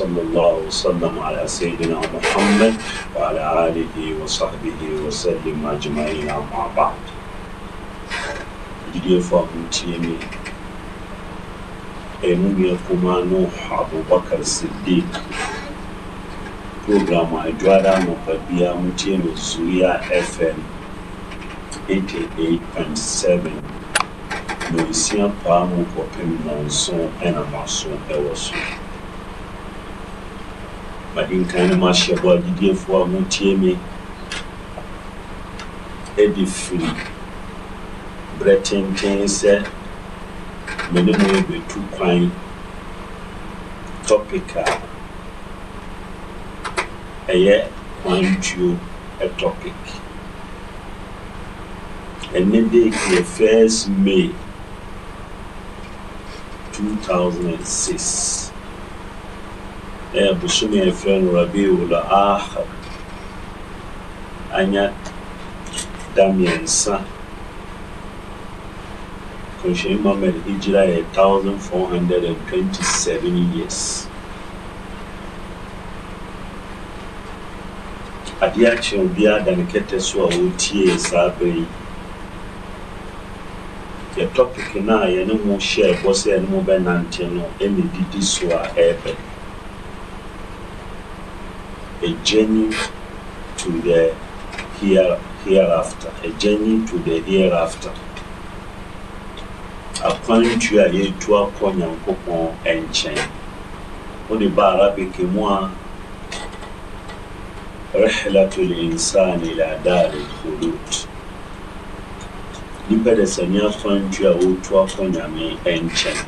وصلى الله وسلم على سيدنا محمد وعلى آله وصحبه وسلم أجمعين أما بعد iliyofaa kumtieni elimu ya kuma Nuh Abubakar Siddiq programu ajwara mababia mutieni Zuia FM 88.7 noisia paa mu kɔpem nanson ɛna maso ɛwɔ so made nkan no mahyɛ bɔ agyidiefo a motie me ɛde firi berɛ tenten sɛ me ne mo yɛbɛtu kwan topic a ɛyɛ kwan tuo topic ɛne de yɛ first may 2006 abosome a yɛfrɛ no rabiul aha anya da mmiɛnsa kɔnhyɛni mohamad hijira yɛ 1427 years adeɛ akyerɛ obiara da so a wɔtiee saa berɛ yi yɛ topic no a yɛne mu hyɛ sɛ yɛne bɛnante no ɛne so a ebe. a journey to the here, hereafter, a journey to the hereafter. akwan ntu a yɛretu akɔ nyankopɔn nkyɛn wode ba arabic mu a rihlatu linsani ila dari lhulud nnipa da sani akwan ntu a wɔretu akɔ nyame nkyɛn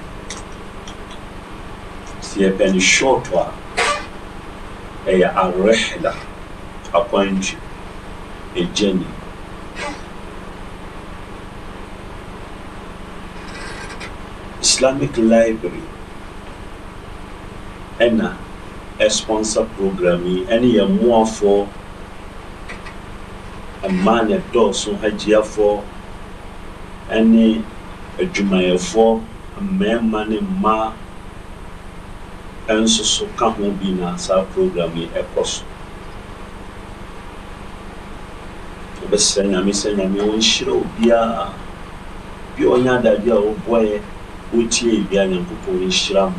sɛ yɛpɛ no short a ɛyɛ arehla akwantu a journey islamic library ɛna ɛsponsor program yi ɛne yɛn mmoafoɔ mmaa na ɛdɔɔso hagyiafoɔ ɛne adwumayɛfoɔ mmarima ne mmaa nso so ka ho bi na saa program yi ɛkɔ so wobɛsrɛ nyame sɛ nyame wɔnhyerɛ obiaa bi ɔnyɛ adade a wɔboaeɛ wɔtie bia nyankopɔn nhyira mo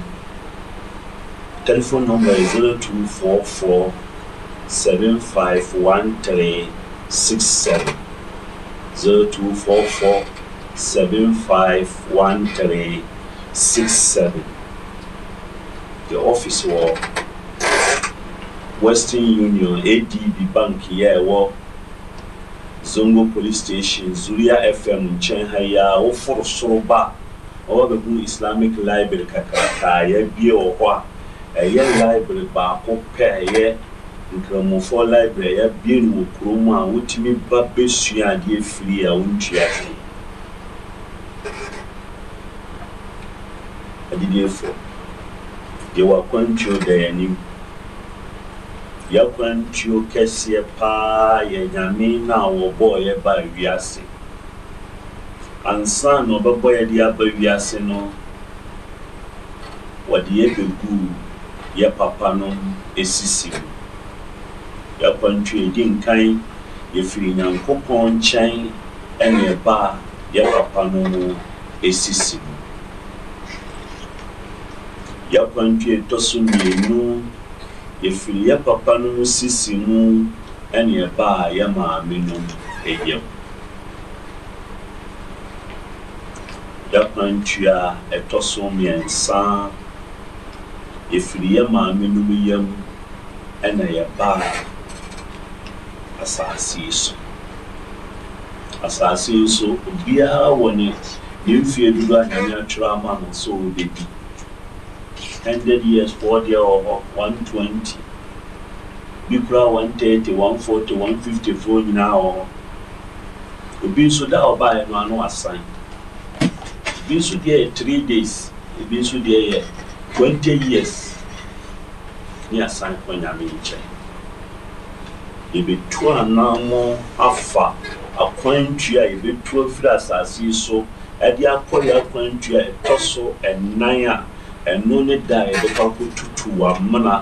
telephone number is 0244 751367 0244 751367 the office wɔ western union adb bank yi a ɛwɔ zongo police station zuria fm nkyɛn ha yi a woforo soro ba ɔwɔ bɛhu islamic library kakraka a yɛabie wɔ hɔ a ɛyɛ library baako pɛ ɛyɛ nkramofoɔ library a yɛabie no wɔ kurom a wotumi ba bɛsua adeɛ firi a wontua hwee yɛwɔ akwantuo da yɛn anim yɛakwantuo kɛseɛ paa yɛ nyame na a wɔbɔɔ yɛ ba wiase ansa na ɔbɛbɔ yɛ de aba wiase no wɔde yɛ bɛguu yɛ papa no esisi mu yɛakwantuo edi nkan yɛfiri nyankopɔn nkyɛn ɛna ɛba yɛ papa no esisi mu yɛafa ntwe ɛtɔ so mmienu yɛfiri yɛ papa no sisi mu ɛne ɛbaa yɛ maame no ɛyam yɛafa ntwe a ɛtɔ so mmiɛnsa yɛfiri ya maame no mu ɛna yɛbaa asase yi so asase so obiara wɔ ne ne mfie dodo a nyame atwerɛ ama no sɛ ɔbɛdi extended years wɔ deɛ wɔ hɔ one twenty bi kura one thirty one forty one fifty four nyinaa wɔ hɔ obi nso da no ano asan ebi nso deɛ yɛ three days ebi nso deɛ yɛ twenty years ne asan kɔ nyame nkyɛn yɛbɛtu anammɔ afa akwantua a yɛbɛtu afiri asase yi so ɛde akɔ yɛ akwantua a ɛtɔ so ɛnan a ɛno ne da yɛde kɔ akɔtutu wamena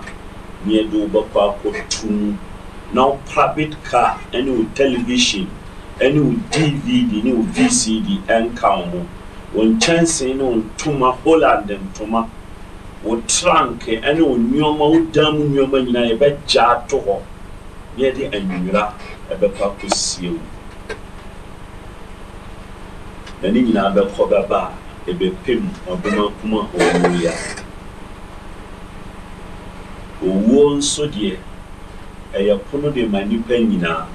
ne yɛde wobɛkɔ akɔtu mu na wo private car ne wo television ne wo dvd ne wo vcd ɛnka wo ho wo nkyɛnsee ne wo ntoma holland ntoma wo tranke ne wo nneɔma wo dan mu nneɔma nyinaa yɛbɛgya ato hɔ na yɛde anwira ɛbɛkɔ akɔsie wo na ne nyinaa bɛkɔ bɛbaa ɛbɛpem abomakum a ɔwuya owuo nso deɛ ɛyɛ pono de ma nnipa nyinaa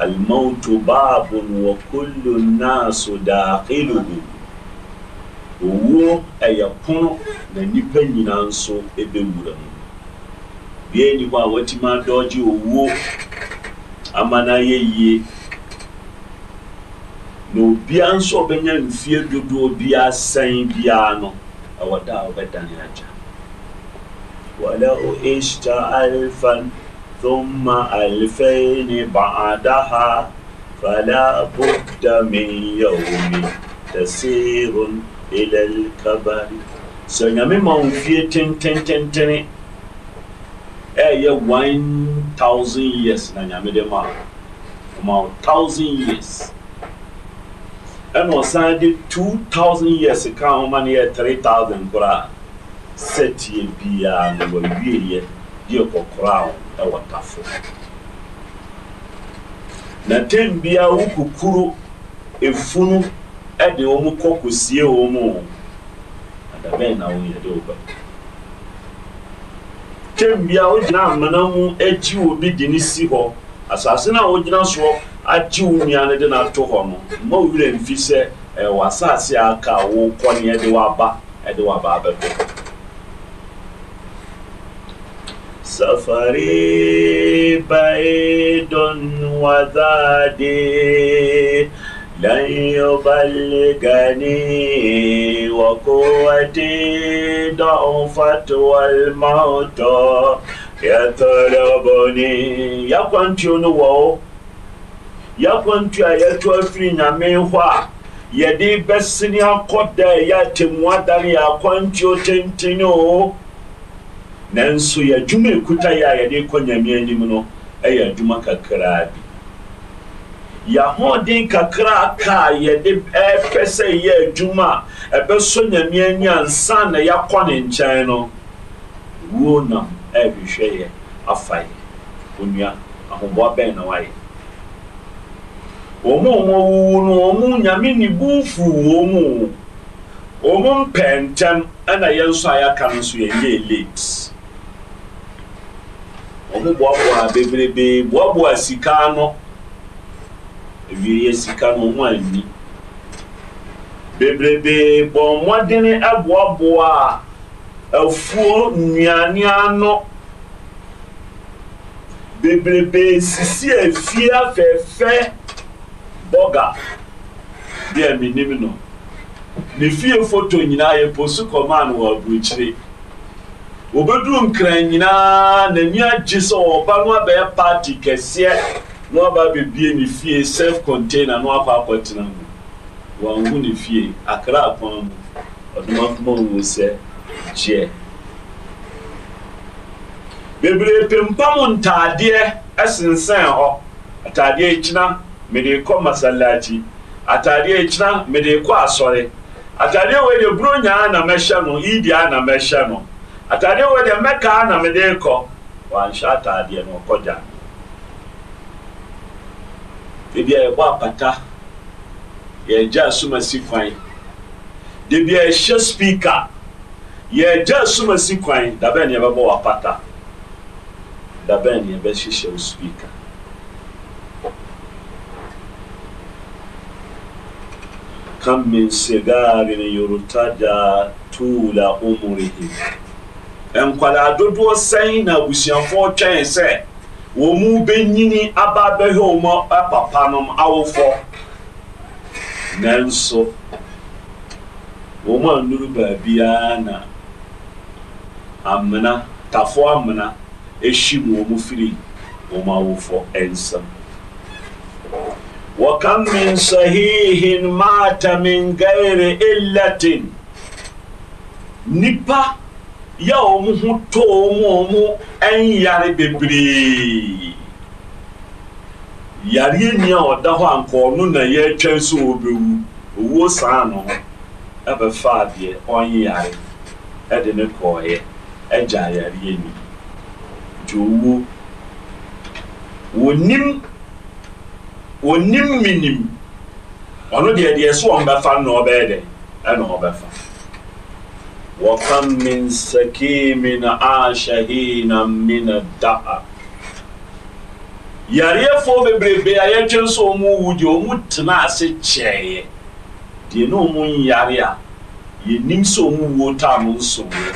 almautu baabun wa kullu nnasu daakhiluhu owuo ɛyɛ pono na nnipa nyinaa nso ɛbɛwura mu deɛ nnipa a watumi adɔgye owuo ama no ayɛ yie na obia nso ɔbɛnya mfie dodoɔ biaa san biaa no ɛwɔ da a wɔbɛdane agya walahu ista alfan thumma alfaini baadaha fala budda min yaumi tasirun ila lkabari sɛ nyame ma wo fie tententententene e, ɛɛyɛ 1 000 years na nyame de ma ma 1000 years ɛna ɔsan de two thousand years ka ho ma no yɛ three thousand koraa sɛtie biara na wɔawieɛ de ɔkɔkoraa ho ɛwɔ tafo na tem biara wokukuru efunu ɛde wɔn kɔ kɔsie wɔn mu adabɛn na wɔn yɛ de wɔn ba tem biara wogyina amena mu akyi obi de ne si hɔ asase no wogyina soɔ agye wo nua no de no ato hɔ no ma wo werɛ mfi sɛ ɛwɔ asase a aka a wokɔ ne ɛde waba ɛde waba abɛdo سفري بعيد وذادي لن يبلغني وقوتي ضعفت والموت يطلبني يا yɛakwantu a yɛatu afiri nyame hɔ a yɛde bɛsene akɔ da ɛyɛ atemmua dane yɛ akwantuo tenten o nanso yɛadwuma ɛkuta yɛ a yɛde kɔ nyame anim no ɛyɛ adwuma kakraa bi yɛahoɔden kakra ka a yɛde ɛpɛ sɛ yɛ adwuma a ɛbɛsɔ nyame ani ansa na yɛakɔ ne nkyɛn no wuo nam ɛhwehwɛ yɛ afa yɛ onua ahoboa bɛn na wayɛ wɔn a wɔwuwu no wɔn nyame ne bu furu wɔn mu wɔn mpɛntɛm ɛna yɛn nso a yɛaka no nso yɛyɛ late wɔn boaboa bebrebe boaboa sika no ewie yɛ sika no wɔn ani bebrebe bɔ mmɔden aboaboa afuo nnuane ano bebrebe sisi afie afɛɛfɛ. bɔga deɛ menim no ne fie foto nyinaa yɛpo so kɔmaa no wɔ aburokyire wɔbɛduru nkran nyinaa n'ani agye sɛ ɔba no abɛyɛ party kɛseɛ na ɔba bebie ne fie self container na akɔ akɔtena mu wɔanhu ne fie akra akwan mu ɔdomakoma wu sɛ gyeɛ bebree pempam ntaadeɛ sensɛn hɔ ataadeɛ kyina mede kɔ masalati ataadeɛ kyina mede kɔ asɔre ataadeɛ wei deɛ buro nyaa na mɛhyɛ no idia na mɛhyɛ no ataadeɛ wei deɛ mɛkaa na mede kɔ wanhyɛ ataadeɛ no ɔkɔgya ebi a yɛbɔ apata yɛgya asoma si kwan debi a yɛhyɛ speaker yɛgya asoma si kwan dabɛn yɛbɛbɔ wɔ apata dabɛn yɛbɛhyehyɛ wo speaker kam min sigarin yurtaja tula umurihi nkwadaa dodoɔ sɛn na abusuafoɔ twɛn sɛ wɔn mu bɛnyini aba abɛhwɛ wɔn e papa nom awofo nanso wɔn a nuru baabiara na amena tafoɔ amena ehyi wɔn firi wɔn awofo nsam. وكم من صحيح مات من غير إلة نبا يوم توم أن ياري ببري yareɛ ni a ɔda hɔ ankɔɔno na yɛretwɛn sɛ ɔbɛwu owuo saa no ho ɛbɛfa adeɛ yare ɛde ne kɔɔeɛ onim minim ɔno deɛ deɛ so wɔn bɛfa na ɔbɛyɛ dɛ ɛna ɔbɛfa wɔkam min sakimin ashahina min daa yareɛfoɔ bebrebe a yɛtwe nso ɔmo wu deɛ ɔmo tena ase kyɛɛyɛ deɛ ne ɔmo nyare a yɛnim sɛ ɔmo wuo taa no nsomyɛ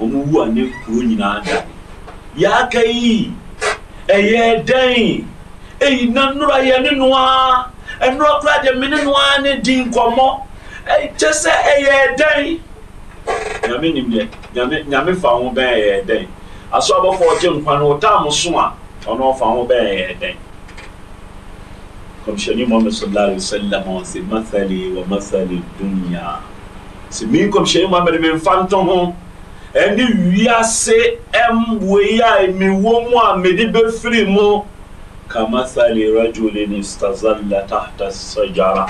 ɔmo wu a ne kuro nyinaa dane yɛaka yi ɛyɛ dɛn eyi na nnura yɛ ne noa nnura kura deɛ me ne noa ne di nkɔmɔ kyɛ sɛ ɛyɛ dɛn nyame nim deɛ nyame nyame fa ho bɛn ɛyɛ dɛn aso abɔfo ɔgye nkwa no ɔtaa mo so a ɔno ɔfa ho bɛn ɛyɛ dɛn kɔmhyɛni muhammed sallallahu alaihi wasallam ɔsi masali wa masali dunya si mi kɔmhyɛni muhammed mi nfa nto ho ɛne wiase ɛmboe a mi wɔ mu a mi de bɛfiri mu kamathali rajulin istazalla tahta sajara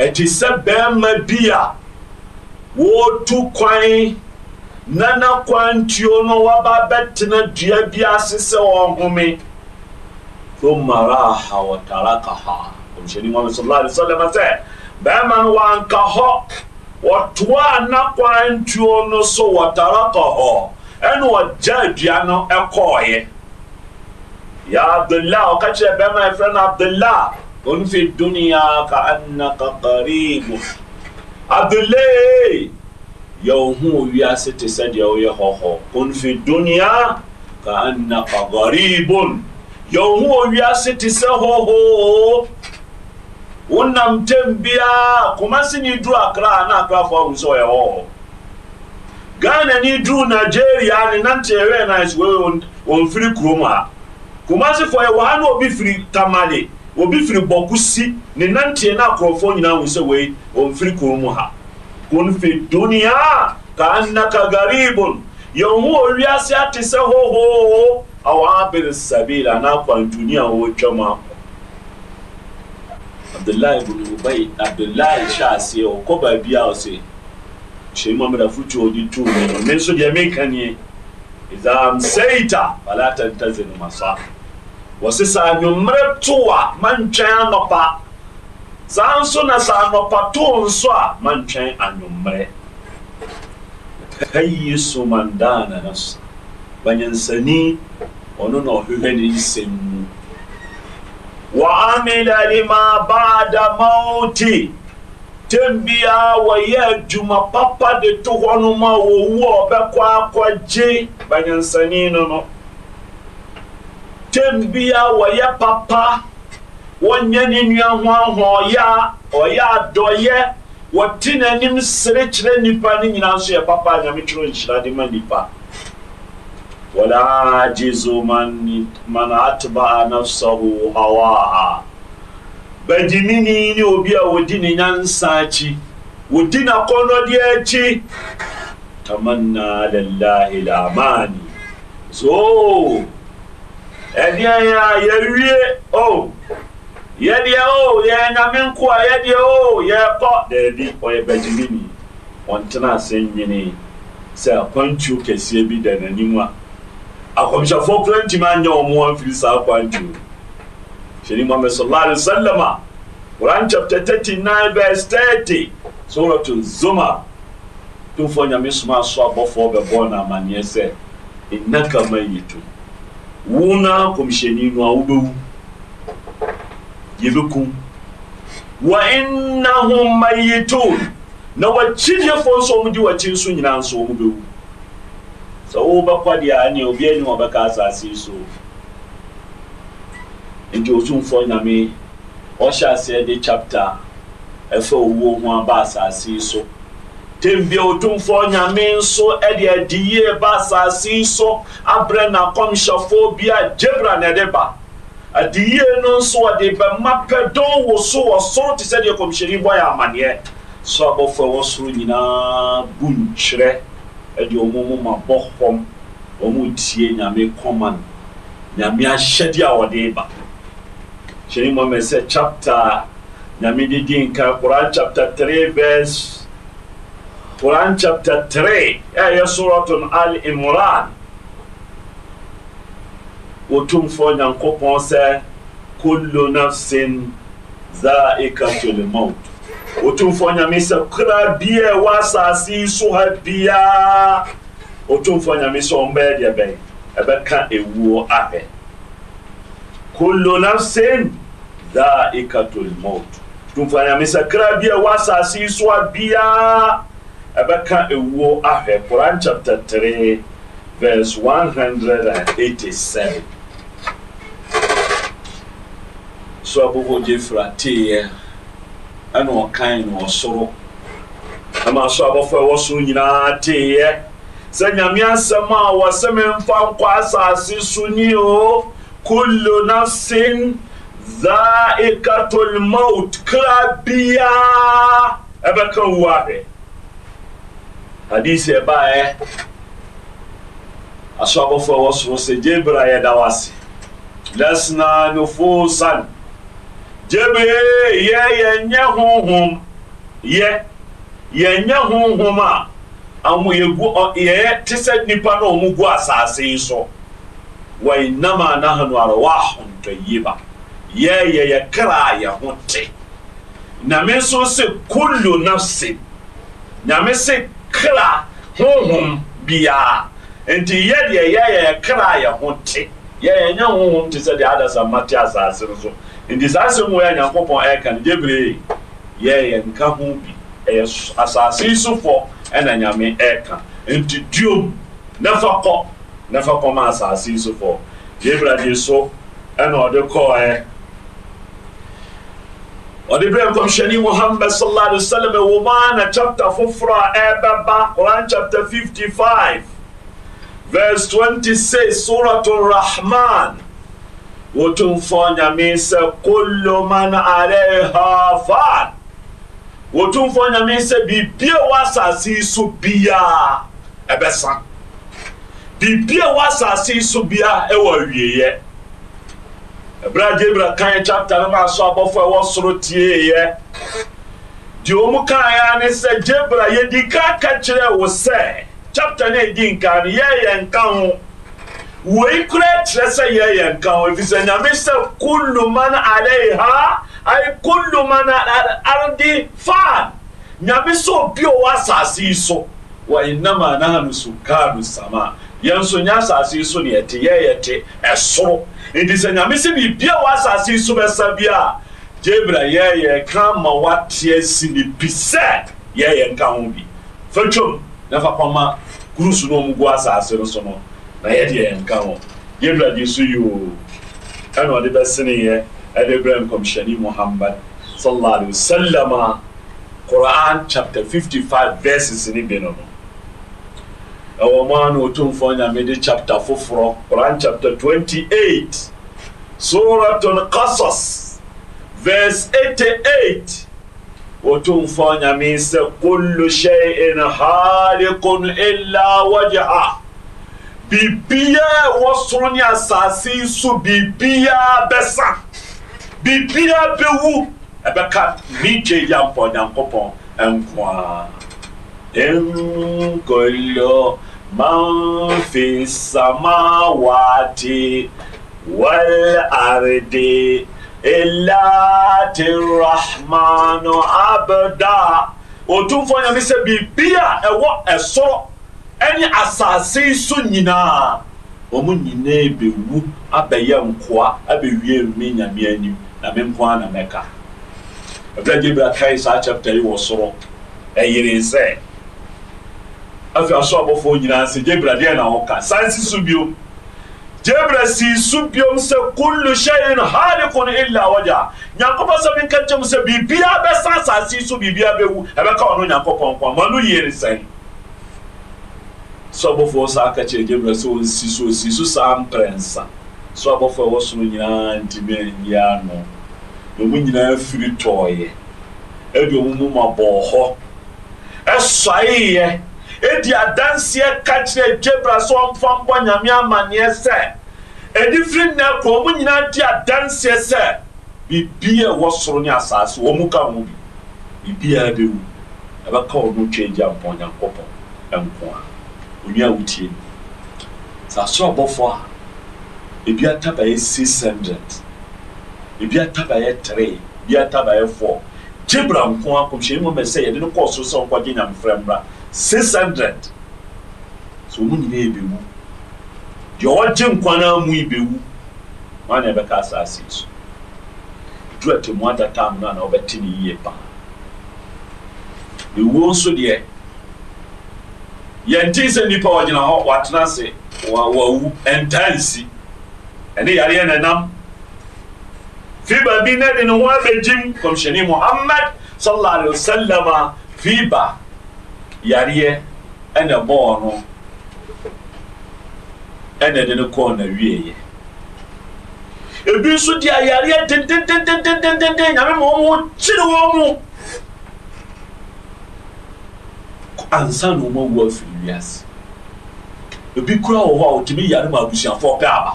ɛte sɛ bɛrima bi a wɔretu kwan na na kwantuo no waba bɛtena dua bi ase sɛ ɔhome thumma raha wa tarakaha ɔmhyɛni muhammad sallallahu alaihi wasallam sɛ bɛrima no wanka hɔ wɔtoaa na kwantuo no so wɔ taraka hɔ ɛne no ɛkɔɔeɛ e يا عبد الله وقد شبه my friend عبد الله كن في الدنيا كأنك قريب عبد الله يوم وياسة تسد يوم كن في الدنيا كأنك قريب يوم وياسة تسهوه wonam tam biara kumase ne duru akra na akrafoɔ ahu sɛ ɔyɛ hɔ hɔ ghana ne duru nigeria ne nanteɛ wɛ nice wei wɔmfiri kurom a kumasifo yɛ ye ha na obi firi tamale obi firi bɔkusi ne nanteɛ na akorɔfoɔ nyinaa ho sɛ wei firi kuro mu ha kun fi duniya ka annaka garibun yanhu owiase ate sɛ hohoo aw abir sabila na kwan duniya wo twama abdullahi ibn ubay abdullahi shasi o ko ba biya o se shi mu amra futu oji tu ne so je me kanie idza amsaita fala tantazil masah wɔsi sɛ anwummerɛ to a mantwɛn anɔpa saa nso na sɛ anɔpa too nso a mantwɛn anwummerɛ kayiso mandana so banyansani ɔno na ɔhwehwɛ ne nsɛm mu waamila lima bada mauti tɛm biara wɔyɛ adwuma papa de to hɔ no ma wɔwu a ɔbɛkɔ akɔgye banyansani no no tem bia wɔyɛ papa wɔnyɛ ne nua ho ahoɔyɛ ɔyɛ adɔyɛ wɔte n'anim sere kyerɛ nnipa no nyinaa nso yɛ papa nyame twerɛ nhyira de ma nnipa wala jizu man man atbaa nafsahu hawaha bagyimini ne obi a wɔdi ne nyansa akyi wɔdi n'akɔnnɔdeɛ akyi tamanna lillahi lamani so ɛdeɛ yɛ a yɛwie o yɛdeɛ o yɛ nyame nko a yɛdeɛ o yɛkɔ daabi ɔyɛ bagyimini ɔntena ase nyini sɛ akwantuo kɛseɛ bi da n'anim a akɔmhyɛfoɔ kora ntimi anyɛ ɔmo amfiri saa akwantuo hyɛni muhammad sallallahu alaihi wasallam a Quran chapter 39 verse 30 surah zuma tumfoɔ nyame soma so abɔfoɔ bɛbɔɔ no amanneɛ sɛ innaka mayitum wo na kɔmhyɛni no a wobɛwu yɛbɛkum wa innahum mayitun na wakyidiefoɔ nso ɔmde wakyi nso nyinaa nso ɔmo bɛwu sɛ wobɛkɔ deɛ a neɛ obiaa ni wɔbɛka asase so nti ɔtumfoɔ nyame ɔhyɛ aseɛ de chapter ɛfa owuo ho aba asase so tembia otumfoɔ nyame nso de adi yie ba asase yi so abrɛ n'akɔmhyɛfoɔ bi a gyebra na ɛde ba adi yie no nso wɔde bɛma pɛdɔn wɔ so wɔ soro te sɛdeɛ kɔmhyɛni bɔ yɛ amaneɛ so abɔfoɔ ɛwɔ soro nyinaa bu nkyerɛ ɛde wɔn mu ma bɔ hɔm wɔn tie nyame kɔman nyame ahyɛdeɛ a wɔde ba hyɛni mɔmɛ sɛ chapter nyame didi nka koraa chapter three verse. Quran chapter 3 ɛyɛ suratul al imran wɔtumfoɔ nyankopɔn sɛ kullu nafsin zaikatul maut wɔtumfoɔ nyame sɛ kra bia ɛwɔ asase yi so ha biaa wɔtumfoɔ nyame sɛ ɔmbɛyɛ deɛ bɛyɛ ɛbɛka ewuo ahɛ kullu nafsin zaikatul maut wɔtumfoɔ nyame sɛ kra bia ɛwɔ asase yi so ha biaa ɛbɛka ewuo ahwɛ koran chapter three verse one hundred and eighty-seven so abobɔ gye fira teeɛ ɛna ɔkan na ɔsoro ɛma so abɔfo ɛwɔ soro nyinaa teeɛ sɛ nyame asɛm a wɔsɛm mfa nkɔ asase so ni o kullu nafsin dhaikatul maut kra biaa ɛbɛka wu ahwɛ hadisi ɛbaeɛ eh. asɔabɔfoɔ ɛwɔ soro sɛ gyebra yɛda w ase lasna nufusan gyebre yɛ yɛnyɛ honhom yɛ yɛnyɛ honhom a amo yɛgu yɛyɛ te sɛ nnipa na ɔmo gu asase yi so wɔinama nahanu arwahun tɔyiba yɛ yɛ yɛ kra yɛ ho te nyame nso se kullu nafsin nyame se kra honhom biara nti yɛ deɛ yɛyɛ kra yɛ ho te yɛyɛ nya honhom te sɛ deɛ adasamma te asase no so nti saa asɛm wɔ yɛ nyankopɔn ɛka no gyebree yɛyɛ nka ho bi ɛyɛ asase yi sofoɔ ɛna nyame ɛka nti duom na fa kɔ na fa kɔma asase yi sofoɔ gyebrade so ɛna ɔde kɔɔɛ ɔde berɛ kɔmhyɛne mohamad sala ali wasalam ɛwo maa na chapter foforɔ a ɛbɛba quran chapter 55 verse 26 surat rahman wɔtumfoɔ nyame sɛ kullu man alaiha fan wɔtumfoɔ nyame sɛ biribia wɔ asase yi so biaa ɛbɛsa biribia wɔ asase yi so biaa ɛwɔ awieeɛ ɛberɛ gabriel kan chapter no ma so abɔfo ɛwɔ soro tieeɛ deɛ ɔmu kaeɛ ne sɛ gabriel yɛdi ka ka kyerɛ wo sɛ chapter no ɛdi nka no yɛyɛ nka ho wei kora kyerɛ sɛ yɛyɛ nka ho ɛfiri sɛ nyame sɛ kullu man alaiha ai kullu man ardi fan nyame sɛ obi ɔwɔ asase yi so wa innama nahnu sukanu sama yɛn so nyɛ asase yi so ne yɛte yɛyɛ te ɛsoro nti sɛ nyame sɛ biribia wɔ asase yi so bɛsa bi a gyebra yɛyɛ ka ma woateɛ si ne bi sɛ yɛyɛ nka ho bi fa twom na fa pama kurusu no ɔmu gu asase no so no na yɛde yɛ nka ho gyebra gye so yoo ɛna ɔde bɛseneyɛ ɛde brɛ nkɔmhyɛne muhammad sallallahu alaihi wasallam quran chapter 55 verses ne bi no no ɛwɔ mu ano otumfoɔ nyame de chapter foforɔ quran chapter 28 suratul qasas verse 88 otumfoɔ nyame sɛ kullu shay'in halikun illa wajha biribiaa ɛwɔ soro ne asase yi so biribiaa bɛsa biribiaa bɛwu ɛbɛka megye yampɔ nyankopɔn nko a من في السماوات والأرض إلا الرحمن عبدا otumfoɔ nyame sɛ biribi a ɛwɔ ɛsoro ɛne asase yi so nyinaa wɔn nyinaa bɛwu abɛyɛ nkoa abɛwie me nyame anim na me nko ara na mɛka ɛberɛ gye bi akae saa chapter yi wɔ soro ɛyere sɛ afei aso abɔfoɔ nyinaa sɛ gyebra deɛ na wɔka san si so bio gyebra sii so biom sɛ kullu shay'in halikun illa wajha nyankopɔn sɛ menka nkyɛm sɛ biribiaa bɛsa asase yi so biribiaa bɛwu ɛbɛka ɔno nyankopɔn nkwa ma no yie ne sɛn so abɔfoɔ saa ka kyerɛ gyebra sɛ ɔnsi so ɔsi so saa mprɛnsa so abɔfoɔ ɛwɔ soro nyinaa ntimi anyia no ɔmu nyinaa firi tɔɔyɛ ɛde ɔmu mu ma bɔɔ hɔ ɛsɔeeɛ edi adanseɛ ka kyerɛ dwebra so ɔmfa mbɔ nyame amanneɛ sɛ ɛdi firi nnɛ kuro ɔmo nyinaa di adanseɛ sɛ biribi a ɛwɔ soro ne asase wɔn ka ho bi biribiara bɛwu ɛbɛka wɔn twɛ gya mpɔn nyankopɔn nko a onua wotie saa soro abɔfo a ebi ata bɛyɛ six hundred ebi ata bɛyɛ three ebi ata bɛyɛ four gyebra nko a kɔmhyɛn mu mɛ sɛ yɛde no kɔɔ soro sɛ ɔnkɔgye nyamfrɛ mbra six hundred so wɔn nyinaa yɛ bɛwu deɛ ɔgye nkwan a mu yi bɛwu wɔn na ɛbɛka asase so duro atemu ada tam no a na ɔbɛte ne yie paa ewuo nso deɛ yɛn ti sɛ nipa ɔgyina hɔ watena ase wa wawu ɛntaa nsi ɛne yareɛ na ɛnam fi baabi na de ne ho abɛgyim kɔmhyɛni muhammad sallallahu alaihi wa sallam a yareɛ ɛna bɔɔ no ɛna de no kɔɔ na wieɛ ebi nso de ayareɛ dendendendendendenden nyame ma wɔn kyerɛ wɔn mu ansa na wɔn awu afiri wiase ebi kura wɔ hɔ a wɔtumi yare ma abusuafoɔ pɛ aba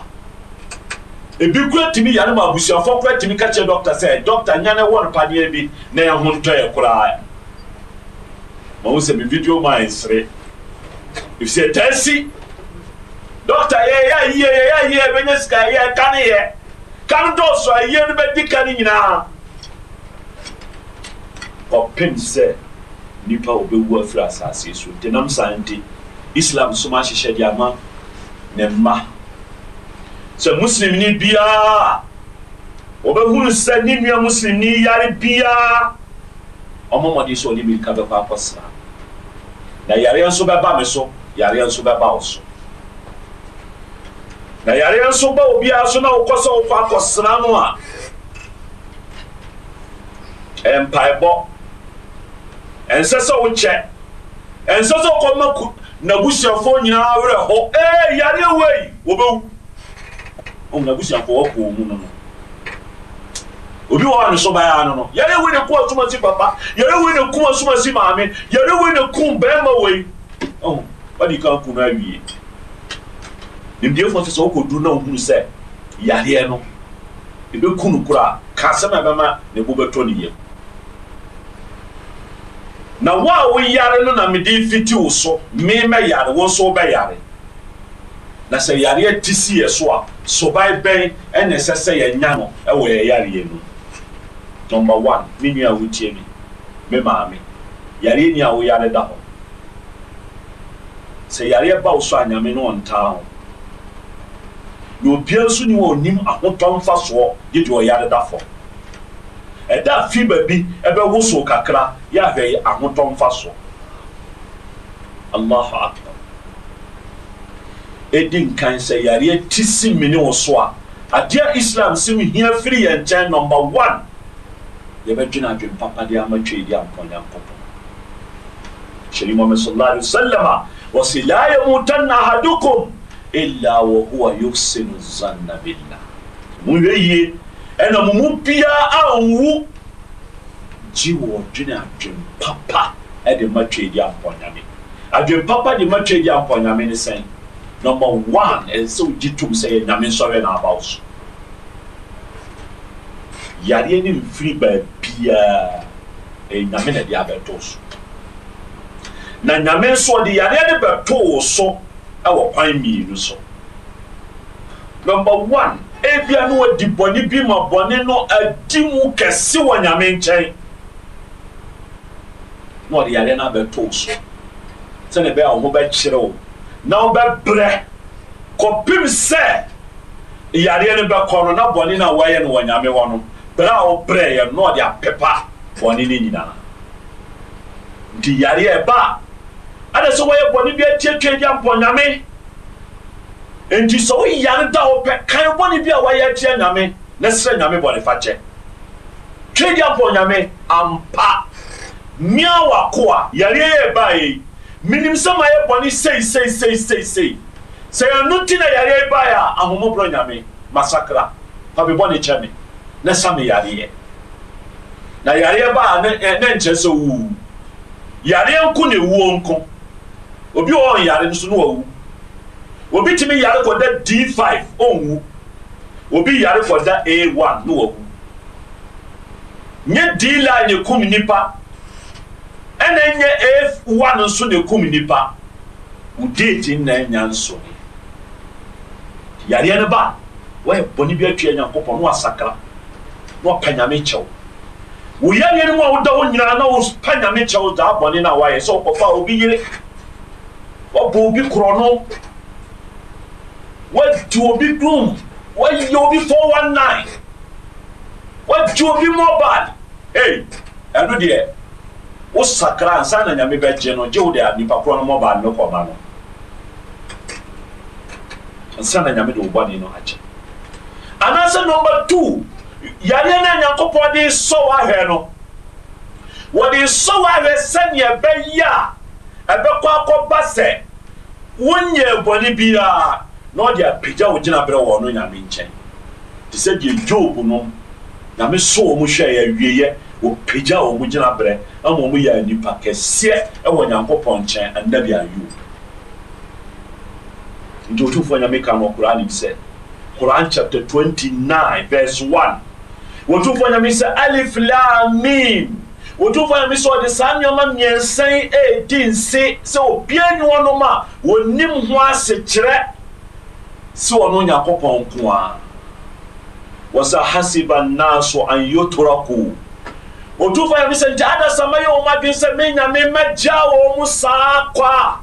ebi kura tumi yare ma abusuafoɔ kura tumi kakyɛ dɔkta sɛ dɔkta nyane wɔn paneɛ bi na ɛho ntɔ yɛ koraa ma wo sɛ me video ma nsere ɛfisɛ taasi dɔkta yɛ yɛ ayie yɛ yɛ ayie bɛnyɛ sika yɛ ka ne yɛ kan dɔɔso ayie no bɛdi ka ne nyinaa ɔpem sɛ nipa wo bɛwu afiri asase so nti nam saa nti islam soma ahyehyɛ de ama ne mma sɛ muslimni biara wɔbɛhunu sɛ ne nua muslimni yare biara ɔmɔmɔden sɛ ɔne mirika bɛkɔ akɔsraa na yareɛ nso bɛba me so yareɛ nso bɛba wo so na yareɛ nso ba obiara so na wokɔ sɛ wokɔ akɔsena no a mpaebɔ ɛnsɛ sɛ wokyɛ ɛnsɛ sɛ wokɔma nabusuafoɔ nyinaa werɛ hɔ ee yareɛ wei wɔbɛwu nabusuafoɔ wɔkɔɔ mu no no obi wa ne so baa no no yɛre wi ne ko asoma si papa yɛre wi ne ko asoma si maame yɛre wi ne ko bɛrima wei ɔho wadi ka ko no awie nimdiefoɔ sɛ sɛ wokɔdu na wohunu sɛ yareɛ no ɛbɛku no koraa ka asɛm a ɛbɛma ne bo bɛtɔ ne yam na wo a no na mede fiti wo so me mɛyare wo nso wobɛyare na sɛ yareɛ ti si yɛ so a sobae bɛn ɛne ɛsɛ sɛ yɛnya no ɛwɔ yɛ yareɛ no number one ne nua a wotie me me maame yareɛ ni a woyare e da hɔ sɛ yareɛ ba wo so a nyame ne ɔntaa ho na obia nso ni wɔ nim ahotɔ mfasoɔ gye deɛ ɔyare da fɔ ɛda fi baabi ɛbɛwosow kakra yɛahwɛ ahotɔ mfasoɔ allahu akbar ɛdi e nkan sɛ yareɛ ti si me ne wo so a adeɛ islam sɛ wohia firi yɛn nkyɛn number one yɛbɛdwene adwen papa de ama twei de ampɔne ampɔpɔ hyɛne muhammad sallallahu alaihi wasallam a wɔsi la yamutanna ahadukum illa wa huwa yuhsinu zanna billah monhwɛ yie ɛna mo mu biara anwu gye wɔ dwene adwen papa de ma twei de ampɔnyame adwen papa de ma twei de ampɔnyame ne sɛn number one ɛsɛ sɛ wogye tom sɛ yɛ nyame nsɔre na abaw so yareɛ ne mfiri baabiaa eh, nyame na de abɛto so na nyame nso de yareɛ ne bɛtoo so ɛwɔ kwan mmienu so number one ebia no wadi bɔne bi ma bɔne no adi mu kɛse wɔ nyame nkyɛn na ɔde yareɛ no abɛtoo so sɛne ɛbɛyɛ a wo ho bɛkyerɛ wo na wobɛbrɛ kɔpem sɛ yareɛ no bɛkɔ no na bɔne no a no wɔ nyame hɔ no bere a wɔbrɛ yɛ no ɔde apepa bɔne no nyinaa nti yareɛ ɛba ɛne sɛ wɔyɛ bɔne bi atiatua di ampɔ nyame nti sɛ woyare da wo pɛ kan bɔne bi a wɔayɛ atia nyame ne srɛ nyame bɔne fa kyɛ twe di ampɔ nyame ampa mmea wako a yareɛ yɛ ɛba yi minim sɛ mayɛ bɔne seiseiseiseisei sɛ yɛno nti na yareɛ baeɛ a ahomɔborɔ nyame masakra fa bebɔne kyɛ me na sa me yareɛ na yareɛ baa ne ɛ e, ne nkyɛn sɛ wuu yareɛ nko na ewuo nko obi wɔ yare nso na wawu obi tumi yare kɔ da d five ɔnwu obi yare kɔ da a one na wawu nye d-line ne kum nipa ɛna nye a1 nso ne kum nipa o deeti na nya nso yareɛ no ba wɔyɛ bɔnne bi atwa nyankopɔn na wasakra na ɔpɛ nyame kyɛw wo yɛyere mu a woda wo nyinaa na wopɛ nyame kyɛw daa bɔne no a woayɛ sɛ wokɔfa a obi yere wabɔ obi korɔ no wadi obi dum wayɛ obi 419 wadi obi mobile ei ɛno deɛ wo sakra ansa na nyame bɛgye no gye wo deɛ nipa korɔ no mobile no kɔma no ansa na nyame de wo bɔne no akyɛ anaasɛ number two yadeɛ na nyankopɔn de sɔ wɔ ahwɛ no wɔde sɔ wɔ ahwɛ sɛnea ɛbɛyɛ a ɛbɛkɔ akɔba sɛ wonyɛ bɔne biara na ɔde apagya wo gyina berɛ wɔ no nyame nkyɛn te sɛ deɛ dwob no nyame so wɔ mu hwɛ awieɛ wɔpagya wɔ mu gyina berɛ ama mu yɛ nnipa kɛseɛ ɛwɔ nyankopɔn nkyɛn annabi ayub nti ɔtumfoɔ nyame ka no koraa nim sɛ Quran chapter 29 verse 1 wɔtumfoɔ nyame sɛ alif lam mim wɔtumfoɔ nyame sɛ ɔde saa nneɔma mmiɛnsa yi ɛɛdi nse sɛ obia ne wɔnom a wɔnim ho asekyerɛ sɛ wɔno onyankopɔn nko a wɔsɛ hasiba nnaso an yutraku wɔtumfoɔ nyame sɛ nti adasama yɛ wɔm adwen sɛ me nyame mɛgya wɔ mu saa kɔ a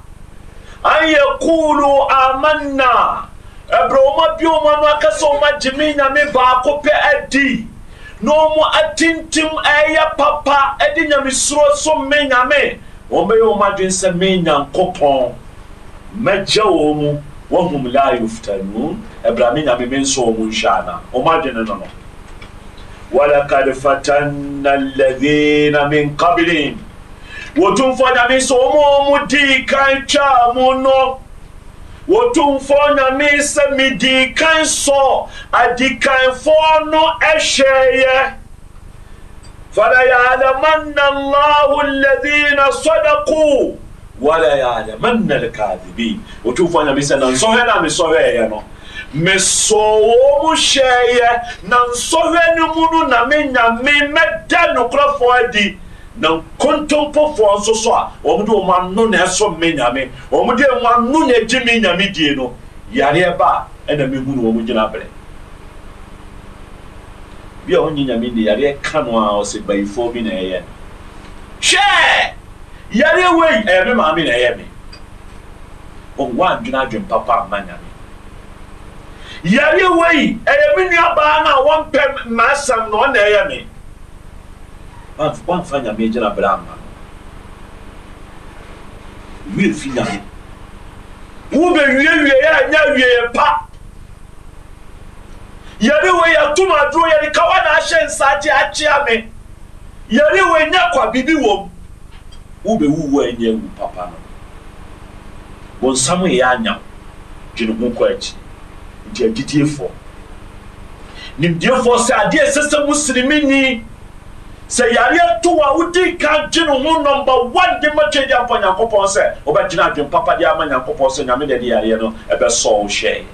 an yakulu amanna ɛbrɛ wɔma bi wɔma no aka sɛ wɔma gye me nyame baako pɛ adi na wɔn atintim ɛyɛ papa ɛde nyamesoro so mme nyame wɔn bɛyɛ wɔn adwene sɛ mme nyankopɔn mɛgya wɔn mu wɔhum laayi ofutanu ɛbra me nyame me nso wɔn nhyɛ ana wɔn adwene no no wɔlɛkari fatanna lɛdina min kabilin wɔtumfo nyame nso wɔn a di kan twa mu no. wɔtomfoɔ nyame sɛ medii kan sɔ adikanfoɔ no ɛhyɛeɛ فليعلمن الله الذين صدقوا ولا يعلمن الكاذبين وتوفى انا مثلا نصوهي انا مصوهي يا نو mesɔɔ mu hyɛeɛ na nsɔhwɛ no mu no na me nyame mɛda nokorɔfoɔ adi na nkontompofoɔ nso so a wɔn de wɔn ano na ɛsɔ mme nyame wɔn de wɔn ano na egye mme nyame die no yareɛ ba ɛna mme hu na wɔn gyina abere bi a wɔnyi nyame de yareɛ ka no a ɔsɛ bayifoɔ bi na ɛyɛ hwɛ yareɛ wei ɛyɛ me maame na ɛyɛ me wɔn wɔn adwene adwene papa ama nyame yareɛ wei ɛyɛ me nua baa na wɔn pɛ mmaa sam na ɔna ɛyɛ me woamfa nyame gyina berɛ ama wie fi nyame wobɛwiewie yɛ anya wieɛ pa yɛne wei yɛtom aduro yɛde kawa na ahyɛ nsa gye akyea me yɛne wei nya kwa biribi wɔ m wobɛwu wo ani awu papa no wo nsam yɛ anya wo dwene ho kɔ akyi nti agyidiefoɔ nimdiefoɔ sɛ adeɛ ɛsɛ sɛ mu sinimenyi sɛ yareɛ to a wodi ka gye ne ho nɔmba one de ma twɛ de ampɔ nyankopɔn sɛ wobɛgyina adwen papa de ama nyankopɔn sɛ nyame deɛ de yareɛ no ɛbɛsɔ wo hwɛe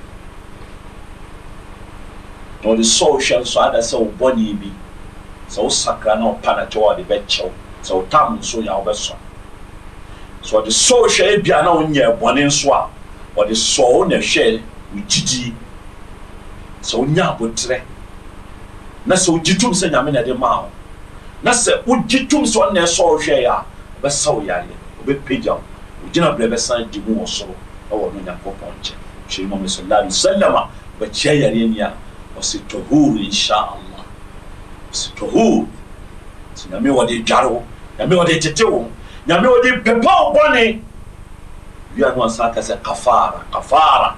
na ɔde sɔ wo hwɛ nso ada sɛ wo bɔne bi sɛ wo sakra na ɔpa na kyɛ wo ɔde bɛkyɛw sɛ wo tam nso nya wobɛsɔ sɛ ɔde sɔ wo hwɛ bia na wonyɛ bɔne nso a ɔde sɔ wo na hwɛ wo gyidi sɛ wonya abotrɛ na sɛ wogyi tom sɛ nyame na ɛde maa wo na sɛ wogye twom sɛ ɔnna ɛsɔ ɔhwɛeɛ a ɔbɛsa wo yareɛ ɔbɛpagya wo ogyina berɛ bɛsan di mu wɔ soro ɛwɔ no nyankopɔn nkyɛn hwɛi mɔme sala ali wasalam a ɔbɛkyia yareɛ ni a ɔse tohur inshaallah ɔse tohur nti nyame wɔde dware wo nyame wɔde tete wo nyame wɔde pepa wo bɔne wia no ansa ka sɛ kafara kafara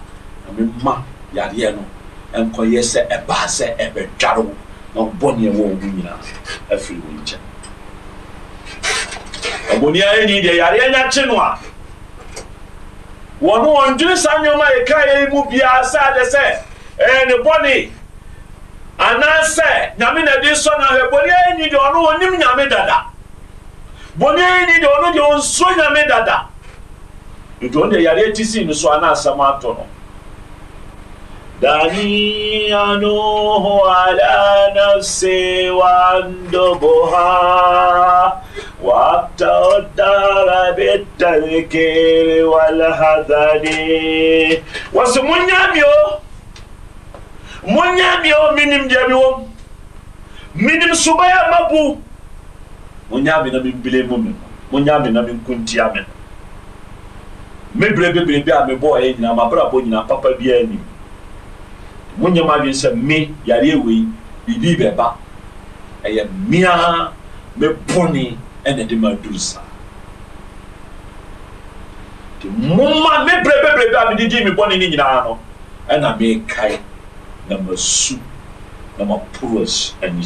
nyame ma yareɛ no ɛnkɔyɛ sɛ ɛbaa sɛ ɛbɛdware wo na ɔbɔne ɛwɔ wo mu nyinaa afiri wo nkyɛn ɔbɔne ara ni deɛ yareɛ nya kye no a wɔn wɔndwene saa nneɛma a yɛkaeɛ yi mu biara sɛ ade sɛ ɛyɛ ne bɔne anaasɛ nyame na de sɔ no ahwɛ bɔne ni deɛ ɔno ɔnim nyame dada bɔne ara ni deɛ ɔno deɛ nyame dada دني نوح على نفسي واندبها وابتغ الدار بالتذكير والحذر وسمنياميو munyaamyewo minim jaabiwom minim subaya mabbu mo ñaamina min bile mumen mo ñaamina min kuntiyamen mi bire be bire be ami bo e ñinama bara bo papa biya nim monyɛ ma adwene sɛ me yareɛ wei biribi bɛba ɛyɛ mmea me bɔne ɛna de ma duru saa nti moma me berɛbɛbrɛ bi a mede gye me bɔne no nyinaa no ɛna mekae na masu na maporo ani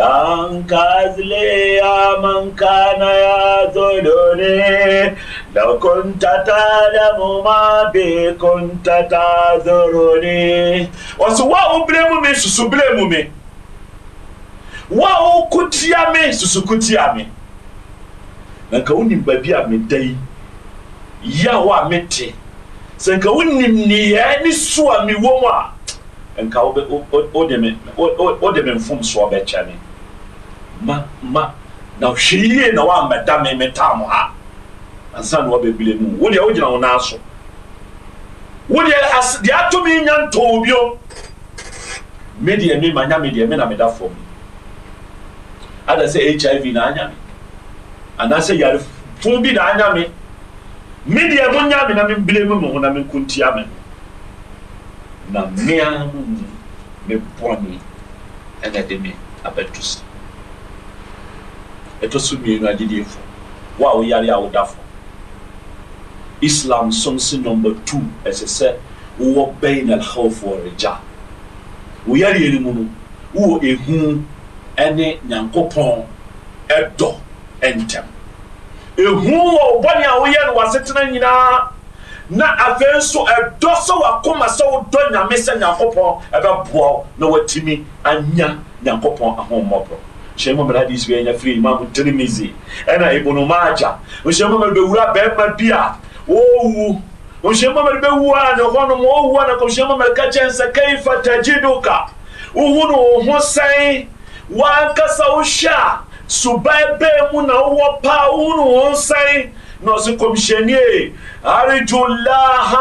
na كان كازلي من كان يعذرني لو كنت تعلم o بي كنت تعذرني وسواء بليم مي سوسو بليم o واو كوتيا مي سوسو كوتيا مي nanka wonim baabi a meda yi yia hɔ a mete sɛ nka wonim nneyɛɛ ne so a mewɔ mu a nka wode me mfomsoɔ bɛkyɛ me ma ma na hwee yie na woammɛda me metam ha ansa na wabɛbile mu wodeɛ wogyina wo naa so wodeɛ deɛ nya ntɔɔ bio me deɛ me ma nyame deɛ me na meda mu ada sɛ hiv na anyame anaasɛ yarefo bi na anyame me deɛ monya me na membile mu me ho na menkontia me no na mea mu mu me bɔne ɛna de me abɛto ɛtɔ so mmienu agyediefo wo a woyare a woda fo islam som se number two ɛsɛ sɛ wowɔ bain alhawf waregya wo yareɛ no mu no wowɔ ehu ɛne nyankopɔn ɛdɔ ɛntɛm ehu wɔ bɔne a woyɛ no wasetena nyinaa na afei nso ɛdɔ sɛ wakoma sɛ wodɔ nyame sɛ nyankopɔn ɛbɛboa wo na watumi anya nyankopɔn ahommɔborɔ hyɛma mmara de sua anya firi ima mo tirimizi ɛna ibonomaakya nhyɛma mmara bɛwura bɛrima bi a wɔwu nhyɛma mmara bɛwu a ne hɔnom wɔwu a na kɔmhyɛma mmara ka kyɛn sɛ kaifa tagidoka wohu no wo ho sɛn woankasa wohyɛ a suban bɛɛ mu na wowɔ paa wohu no wo ho sɛn نصكم شنيه أرجو الله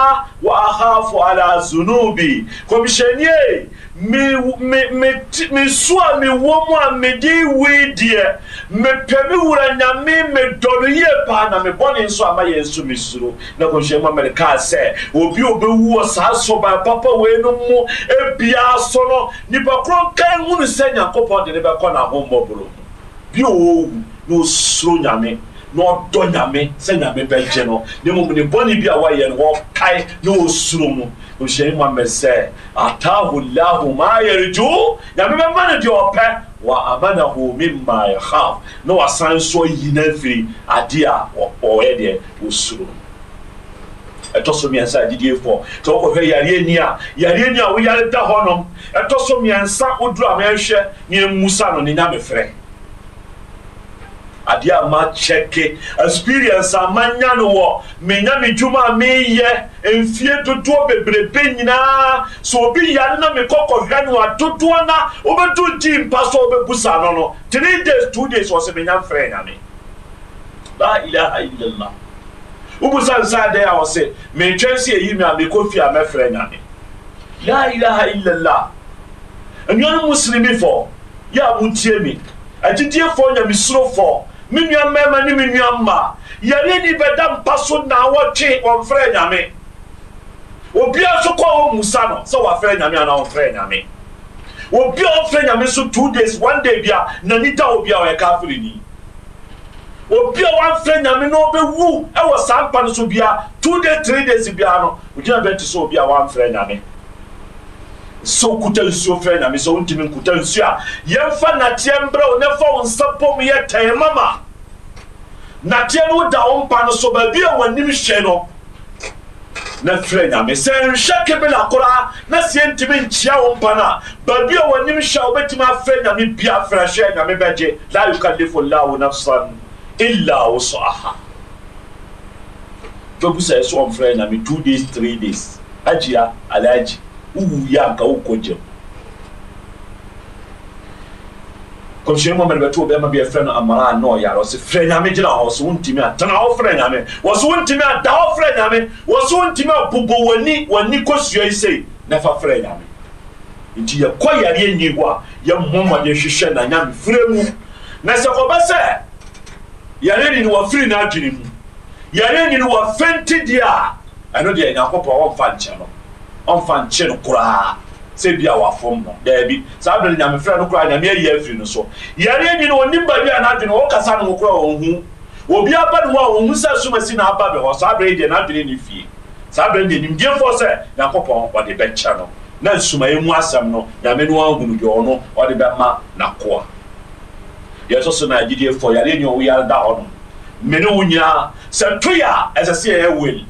وأخاف على ذنوبي كم شنيه mi mi mi mi so a mi wɔ mu a ah, mi di wei deɛ mi pɛ mi wura nyame mi dɔ no yie paa na mi bɔ ne nso a ma yɛ nso mi suro na ko nhyɛn mu amiri kaa sɛ obi a obewu wɔ saa so ba papa wei no mu ebia so no nipa koro nkan hu no sɛ nyankopɔn de ne bɛkɔ n'ahomɔ boro bi a owu na osuro nyame na ɔdɔ nyame sɛ nyame bɛgye no na mmom ne bɔne bi a wɔayɛ no wɔkae na wɔsuro mu ɔhyɛni muhammad sɛ ataahu llahu ma yarju nyame bɛma no deɛ ɔpɛ wa amanahu mimma yakhaf na wasan nso ayi no afiri adeɛ a ɔyɛ deɛ wɔsuro no ɛtɔ so mmiɛnsa agyidiefoɔ sɛ wokɔhwɛ yareɛ ni a yareɛ ni a woyare da hɔ nom ɛtɔ so mmiɛnsa woduru a mɛhwɛ ne ɛmmusa no ne nyamefrɛ adeɛ a ma kyɛke experience a ma nya no wɔ menya me dwuma a meyɛ mfie dodoɔ bebrebe nyinaa sɛ obi yare na mekɔkɔhwɛ no a dodoɔ na wobɛto di mpa so wobɛbusa no no three days two days wɔ sɛ menya mfrɛ nyame la ilaha illallah wobusa nsa dɛn a wɔ se mentwɛn sɛ ɛyi me a mekɔ fie a mɛfrɛ nyame la ilaha illallah anuanom muslimifɔ yɛ a motie me agyidiefoɔ nyamesurofɔ me nua mmarima ne me nua yɛne ni bɛda mpa so naawɔtwe wɔmfrɛ nyame obiara nso kɔ wɔ musa no sɛ wɔafrɛ nyame anaa wɔmfrɛ nyame obiara ɔmfrɛ nyame so two days one day bia n'ani da obiara ɔyɛ kafiri ni obiara wɔamfrɛ nyame na ɔbɛwu ɛwɔ saa mpa no so bia two days three days bia no ogyina bɛnti sɛ obiara wɔamfrɛ nyame sɛ wokuta nsuo frɛ nyame sɛ wontimi nkuta nsuo a yɛmfa nateɛ mbrɛ wo ne fa wo nsa pom yɛ tɛn mama nateɛ no woda wo mpa no so baabi a w'anim hwɛ no na frɛ nyame sɛ nhwɛ kebela koraa na sɛ ntimi nkyia wo mpa no a baabi a w'anim hwɛ a wobɛtumi afrɛ nyame bia frɛ hwɛ nyame bɛgye la yukallifu llahu nafsan illa wosaaha bɛbu sɛ ɛsɛ ɔmfrɛ nyame two days three days agyia alaagye ubuyaga ukojemo komishoni mwamari batuwo bema bia frɛ no amara n'o na ɔyare ɔse frɛ nyame gyina hɔ so wontimi atena hɔ frɛ nyame wɔ so wontimi ada hɔ frɛ bubu wɔ so wontimi abobɔ w'ani w'ani kɔsua yi sei na fa frɛ nyame nti yɛkɔ yareɛ nyi hɔ a yɛmmɔmmɔde hwehwɛ na nyame frɛ mu na sɛ kɔbɛ sɛ yare ni wa wɔfiri no adwene mu yare ni no wɔfɛnti deɛ a ɛno deɛ nyankopɔn wɔmfa nkyɛ no ɔmfa nkye no koraa sɛ bi a wafɔm no daabi saa bere nyamefrɛ no koraa nyame ayi afiri no so yɛre adwene ɔnim baabi a n'adwene wɔkasa no ho koraa ɔnhu obi aba ne ho a ɔhu sɛ som asi na aba bɛ hɔ saa bere deɛ n'adwene ne fie saa bere deɛ nimdiefoɔ sɛ nyankopɔn ɔde bɛkyɛ no na nsumaeɛ mu asɛm no nyame no ahunu deɛ ɔno ɔde bɛma n'akoa yɛsɔ so na agyidiefoɔ yɛre nyɛ ɔwo yɛre da hɔ no mene wo nyinaa sɛ toyɛ ɛsɛ sɛ yɛyɛ weli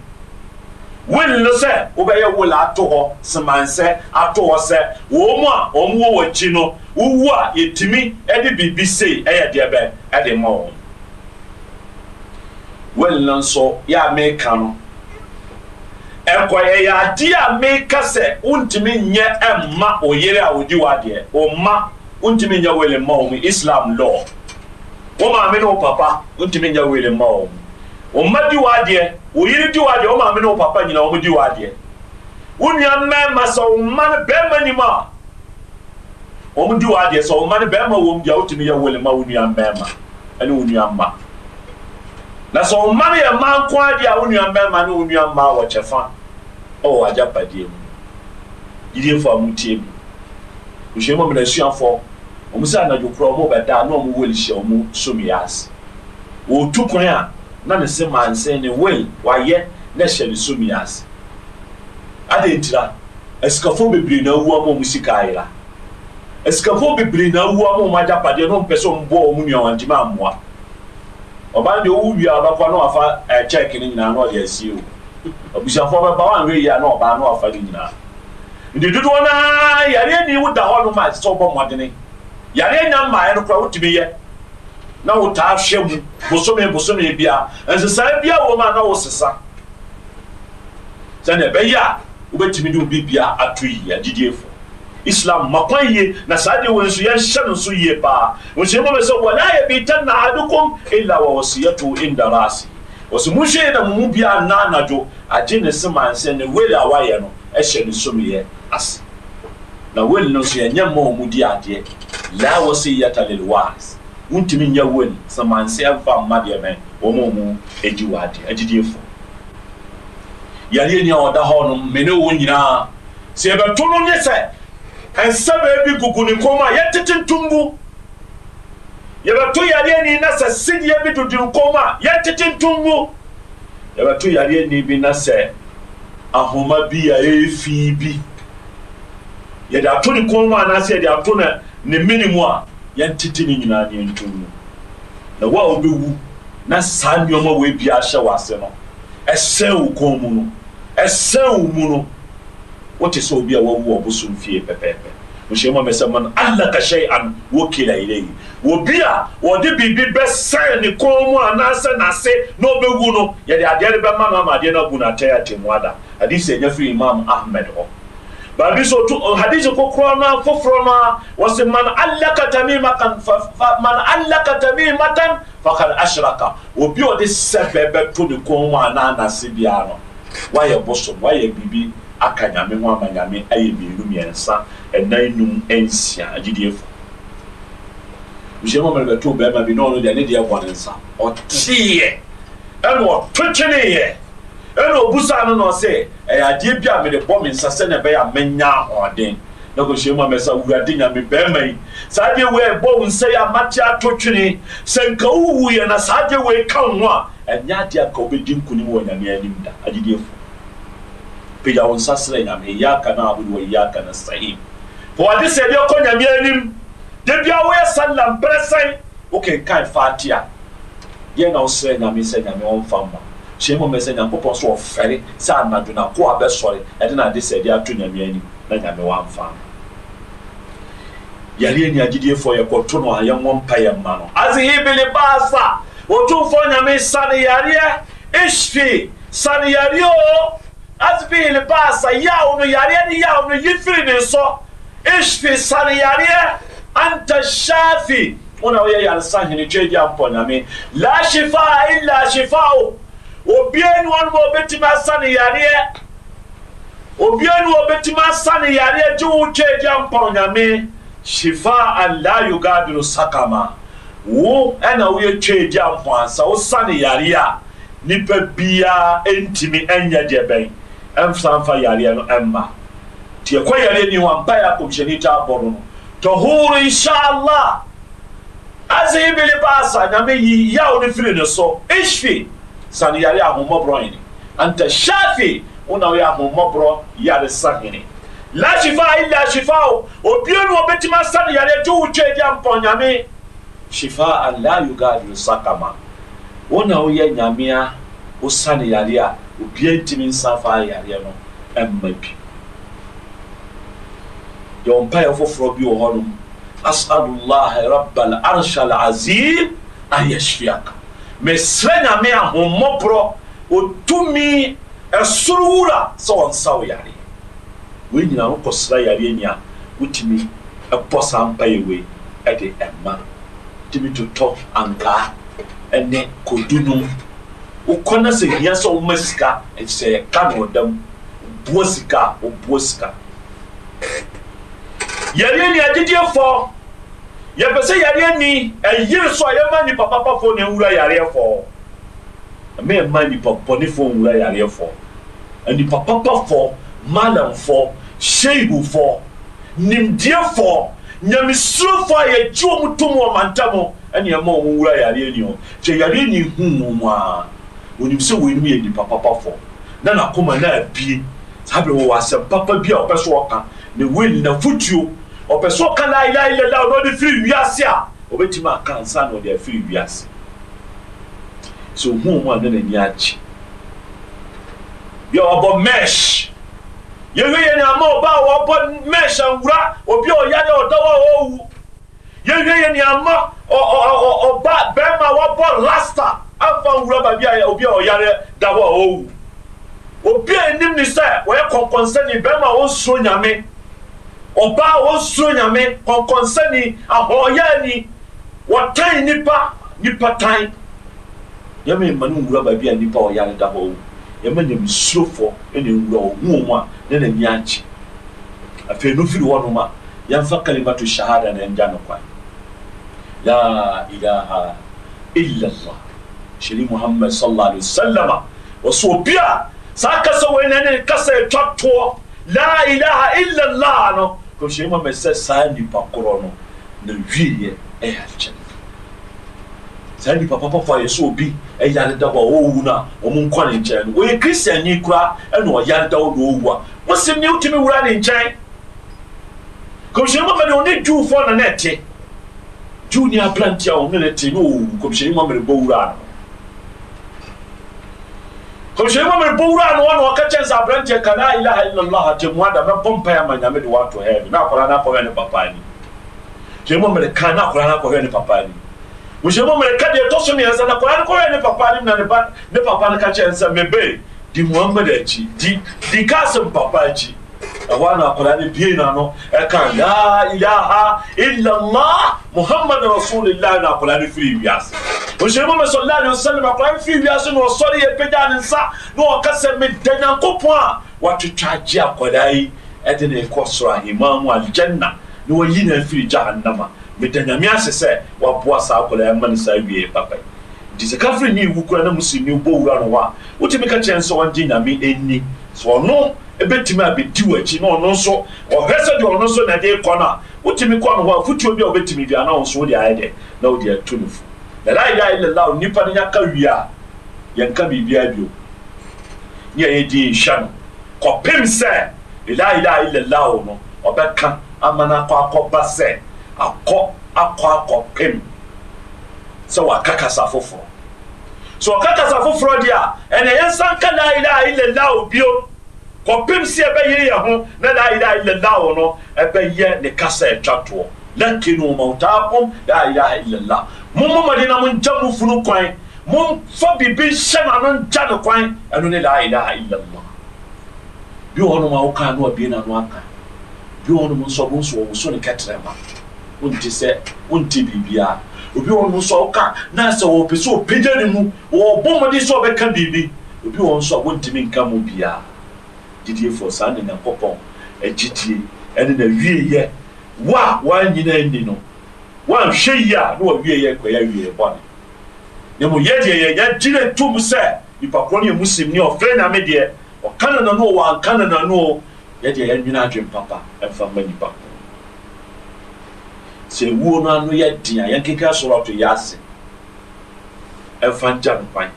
win no sɛ wobɛyɛ wo la ato hɔ semansɛ ato hɔ sɛ wɔ mu a ɔmo wɔ w'akyi no wowu a yɛtumi de biribi sei ɛyɛ deɛ bɛ ɛde ma wɔn win no nso yɛ a meka no ɛkɔyɛ yɛ adeɛ a meka sɛ wontumi nyɛ ɛmma oyere a wodi w'adeɛ ɔma wontumi nyɛ wele ma wɔn islam law wo maame ne wo papa wontumi nyɛ wele ma wɔn ɔma di w'adeɛ wo yiri di wadeɛ wo maame ne wo papa nyina wɔn di wadeɛ wo nua mmarima sɛ wo mma no bɛrima nim a wɔn di wadeɛ sɛ wo mma no bɛrima wɔ mu deɛ wotumi yɛ wɔle ma wo nua ɛne wo nua na sɛ wo mma no yɛ mma nko a wo nua mmarima ne wo nua mma wɔ kyɛfa ɛwɔ agyapadeɛ mu yidiefo a mo tie mu ohyia mu amina asuafoɔ wɔn sɛ anadwo korɔ wɔn bɛda na wɔn wɔ lihyia wɔn som yɛ ase wɔtu kwan a na ne se manse ne wei na ɛhyɛ ne so ase ntira asikafoɔ na awu ɔmo sika ayera asikafoɔ bebree na awu ama ɔmo agyapadeɛ na ɔmpɛ sɛ ɔmo ɔmo nua wɔn ntoma amoa ɔbaa deɛ ɔwu wia ɔbɛkɔ na wafa ɛkyɛk eh, o yia na ɔbaa na ne nyinaa dodoɔ naa yare wo da hɔ nom a ɛsɛ ɔbɔ yare mmaa yɛ no na wotaa hwɛ mu bosome bosome bia nsesaa bia wɔ mu a na wosesa sɛnea ɛbɛyɛ a wobɛtumi de obi bia ato yi agyidiefo islam ma yie na saa deɛ wɔ nso yɛnhyɛ no nso yie paa nhyɛ mu bɛ sɛ wala yabitanna ahadukum illa wa wasiyatu inda rasi wɔsɛ monhwɛ yɛ na mo mu bia nna anadwo agye ne semansɛ ne wele a wayɛ no ɛhyɛ ne somyɛ ase na wele no nso yɛnyɛ ma ɔ mu di adeɛ la wasiyata lilwaris wuntumi nyɛ wen samansi ɛnfa mma deɛ mɛ wɔn a wɔn agyi wɔ adeɛ agyidiefo yareɛ ni a ɔda hɔ no mene wo nyinaa sɛ ɛbɛto no nye sɛ ɛnsa baabi gugu ne kɔn mu a yɛtete ntumbu yɛbɛto yareɛ ni na sɛ sideɛ bi dudu ne kɔn mu a yɛtete ntumbu yɛbɛto yareɛ ni bi na sɛ ahoma bi a ɛyɛ bi yɛde ato ne kɔn anaasɛ yɛde ato ne ne mini mu a yɛntete ne nyinaa ne yɛntom no na wo a wobɛwu na saa nneɔma wei bia hyɛ wɔ ase no ɛsɛn wo kɔn mu no ɛsɛn wo mu no wote sɛ obi a wawu ɔbosom fie pɛpɛɛpɛ wohyɛ mu amɛ sɛ man alaka shay'an wokila ilayhi obi a wɔde biribi bɛsɛn ne kɔn mu anaasɛ n'ase na ɔbɛwu no yɛde adeɛ no bɛma no ama adeɛ no agu n'atɛn atemmuada ade sɛ ɛnya firi imam ahmed hɔ baabi so tu hadisi kokorɔ na foforɔ na wɔsi man alaka tamimatan man alaka tamimatan fakad ashraka obi ɔde sɛbɛ bɛto ne kɔn mu anaa n'ase biara no wayɛ bosom wayɛ bibi aka nyame ho ama nyame ayɛ mmienu mmiɛnsa ɛnan num ɛnsia agyidiefo nhyiamu mɛrɛ bɛto bɛrima bi na ɔno deɛ ne deɛ bɔ ne nsa ɔteeɛ ɛna ɔtotweneeɛ ɛna obusa no na ɔsɛ ɛyɛ adeɛ bi a mede bɔ me nsa sɛnea ɛbɛyɛ a mɛnya ahoɔden na kɔhyia mu a mɛsa wurade nyame bɛrima yi saa adeɛ wei ɛbɔ wo nsa yi a mate ato twene sɛ nka wowuyɛ na saa adeɛ wei ka wo ho a ɛnyɛ adeɛ a ka wobɛdi nkonim wɔ nyame anim da agyedeɛfo pagya wo nsa serɛ nyame ɛyɛ aka no a wode aka no sahim fa wɔde sɛ deɛ kɔ nyame anim da bia woyɛ salla mprɛ sɛn wokenkan faatea yɛ na wosrɛ nyame sɛ nyame ɔmfa mma hyɛn mu mɛsɛ nyankopɔn so ɔfɛre sɛ anadwonako a bɛsɔre ɛde na ade sɛ ɛde ato nyame anim na nyame wamfa yɛreɛ ni agyediefoɔ yɛkɔto no a yɛmmɔ mpa yɛ mma no azehibili baasa ɔtomfoɔ nyame sane yareɛ ishfi sane yareɛ o azehibili baasa yaw no yareɛ ne yaw no yi firi ne nsɔ ishfi sane yareɛ anta shafi wona woyɛ yaresa hene twɛ di ampɔ nyame la shifa illa shifao obiara ni wɔn mu obetumi asa ne yareɛ obiara ni obetumi asa ne yareɛ gye wo twɛ gya mpɔn nyame shifa ala yugadiru sakama wo ɛna woyɛ twɛ gya mpɔn ansa wo sa ne yareɛ a nipa biara ntumi nyɛ deɛ bɛn ɛnfa yareɛ no ɛmma deɛ kɔ yareɛ ni wɔn mpa yɛ akɔmhyɛni ta abɔ no tɔhuru inshallah azihi bilibaasa nyame yi yaw ne firi ne so ishfi sani yare ahommɔborɔ hene anta shafi wona woyɛ ahommɔborɔ yaresa hene la shifa illa shifao obie no ɔbɛtumi asa no yare gye wo twa adi ampɔ nyame shifa an la yugadiru sakama wo na woyɛ nyame a wosa no yare a obia ntimi nsa fa yareɛ no ɛmma bi yɛwɔ mpayɛ foforɔ bi wɔ hɔ nom rabbal arsh alazim an yashfiaka mesrɛ nyame ahommɔborɔ ɔtumi ɛsoro wura sɛ ɔnsa wo yare wei nyina wokɔsra yareɛ ni a wotumi ɛbɔ saa mpayɛ wei ɛde ɛma tumi totɔ ankaa ɛne kodu no wokɔ na sɛ hia sɛ woma sika ɛkyɛ yɛka no ɔdam woboa sika woboa sika yareɛ ni agyediefoɔ yɛpɛ sɛ yareɛ ni ɛyere so a yɛma nipa papafoɔ ne nwura yareɛ fɔ mɛɛma nipa bɔnefoɔ nwura yareɛ fɔ nipa papafoɔ malamfoɔ sheibufoɔ nimdeɛfoɔ nyamesurofoɔ a yɛgye wɔ mu tom wɔ manta mo ɛne ɛma wɔ mu wura yareɛ ni hɔ kyɛ yareɛ ni hu wɔ mu a onim sɛ wɔanim yɛ nipa papafoɔ na nakoma no abie saa berɛ wɔwɔ asɛm papa bi a wɔpɛ so wɔka na wei ninafotuo ɔpɛ so ɔka laila ilala ɔno ɔde firi wiase a ɔbɛtumi aka nsa na ɔde afiri wiase so ohun mu a ne n'ani agye yɛ ɔbɔ mesh yɛhwɛ ni nneɛma ɔba a wɔbɔ mesh anwura obi a ɔyare ɔdɔwɔ a ɔwu yɛhwɛ yɛ nneɛma ɔba bɛrima a wɔbɔ rasta afa nwura baabi a obi a ɔyare dawɔ a ɔwu obi a anim ne sɛ ɔyɛ kɔnkɔnsɛni bɛrima a ɔnsuo nyame ɔbaa a wɔnsuro nyame kɔnkɔnsani ahoɔyɛani wɔtan nipa nipa tan yɛma yɛma no nwura baabi a nipa ɔyare da hɔ wo yɛma nyamesurofoɔ ne nwura ɔhu mu a ne n'ani agye afei no firi hɔnom a yɛmfa kalimato shahada na ɛngya no kwan la ilaha illallah hyɛni muhammad sallallahu alaihi wasallama wɔsɛ obi a saa kasa wei na ne kasa ɛtwa toɔ la ilaha illallah no kɔhyɛ ma mɛ sɛ saa nipa korɔ no na wieɛ ɛyɛ alkyɛn saa nipa papafa yɛ sɛ obi ɛyare da hɔ a ɔwu no a ɔmo nkɔ ne nkyɛn no ɔyɛ kristiani koraa ɛna ɔyare da hɔ na ɔwu a muslim ne wotumi wura ne nkyɛn kɔmhyɛni mamɛde ɔne juufoɔ na ne ɛte juu ne aberanteɛ a ɔne ne te ne ɔwu kɔmhyɛni mamɛde bɔ wura no kɔmhyɛni ma mene bɔwura no ɔne ɔka kana ila aberanteɛ ka la ilaha illallah gyemmoa da mɛbɔ mpae ama nyame de woato hɛ me na akɔra no akɔhwɛ ne papa ni hyɛni ma mene ka na akɔra no akɔhwɛ ne papa ani kɔmhyɛni ma mene ka deɛ ɛtɔ so mmiɛnsa na akɔra no kɔhwɛ ne papa ni na ne ba ne papa no ka kyɛ sɛ mebe di muhammad akyi di di kaa papa mpapa akyi ɛhɔ ana akwadaa no bie n'ano ɛka yaa ilaha illallah muhammad rasulillah na akwadaa no firi wiase ohyɛn mu mɛsɔ laa ne nsɛm akwadaa no firi wiase na ɔsɔre yɛ pagya ne nsa na ɔkasa meda nyankopɔn a watwitwa agye akwadaa yi ɛde ne kɔ soro ahemmaa mu aljanna na wayi na firi jahannama meda nyame ase sɛ waboa saa akwadaa yi ma ne saa wie papa yi nti sɛ kafiri ni iwu kura na musulmi bɔ wura no hɔ a wotumi ka kyɛn sɛ wɔngye nyame ɛnni ɔno bɛtumi abɛdi w'akyi na ɔno nso ɔhwɛ sɛ deɛ ɔno nso na ɛde kɔ no a wotumi kɔ no hɔ a fotuo bi a wobɛtumi dua na wo nso wode ayɛ dɛ na wode ato no fu na la ilaha illallah nipa no nyaka wie a yɛnka biribiara bio ne yɛyɛ din nhyɛ no kɔpem sɛ la ilaha illallah no ɔbɛka ama no akɔ akɔba sɛ akɔ akɔ akɔpem sɛ waka kasa foforɔ so ɔka kasa foforɔ deɛ a ɛnɛ yɛnsa nka la ilaha illallah bio kɔpem si ɛbɛyɛ yɛ ho na la ilaha illallah wɔ no ɛbɛyɛ ne kasa ɛtwa toɔ lakinu mawtaakum la ilaha illallah mommɔmɔde na monkyɛ mo funu kwan momfa biribi nhyɛ n'ano nkya ne kwan ɛno ne la ilaha illallah bi wɔ hɔnom a wokaa no abie n'ano aka bi wɔ hɔnom nso ɔmo nso wɔn so ne kɛtɛrɛma wonte sɛ wonte biribiara obi wɔ hɔnom nso ɔka na sɛ wɔpɛ sɛ ɔpagya ne mu wɔbɔ mmɔden sɛ ɔbɛka biribi obi wɔ nso a wontumi nka mu biara gyidiefoɔ saa ne nyankopɔn agyidie ɛne na wieyɛ wo wa, woanyina ni no woanhwɛ yi a na wawieyɛ kɔyɛ awieyɛ bɔne na mu yɛdeɛ yɛyɛgyina tom sɛ nipa korɔ ne ɛmusim ne ɔfrɛ nyame deɛ ɔka na nano o wɔanka na nano o yɛdeɛ yɛnwene adwen papa ɛmfa ma nipa sɛ wuo no ano yɛ den a yɛnkeka soro ato yɛ ase ɛmfa ngya no kwan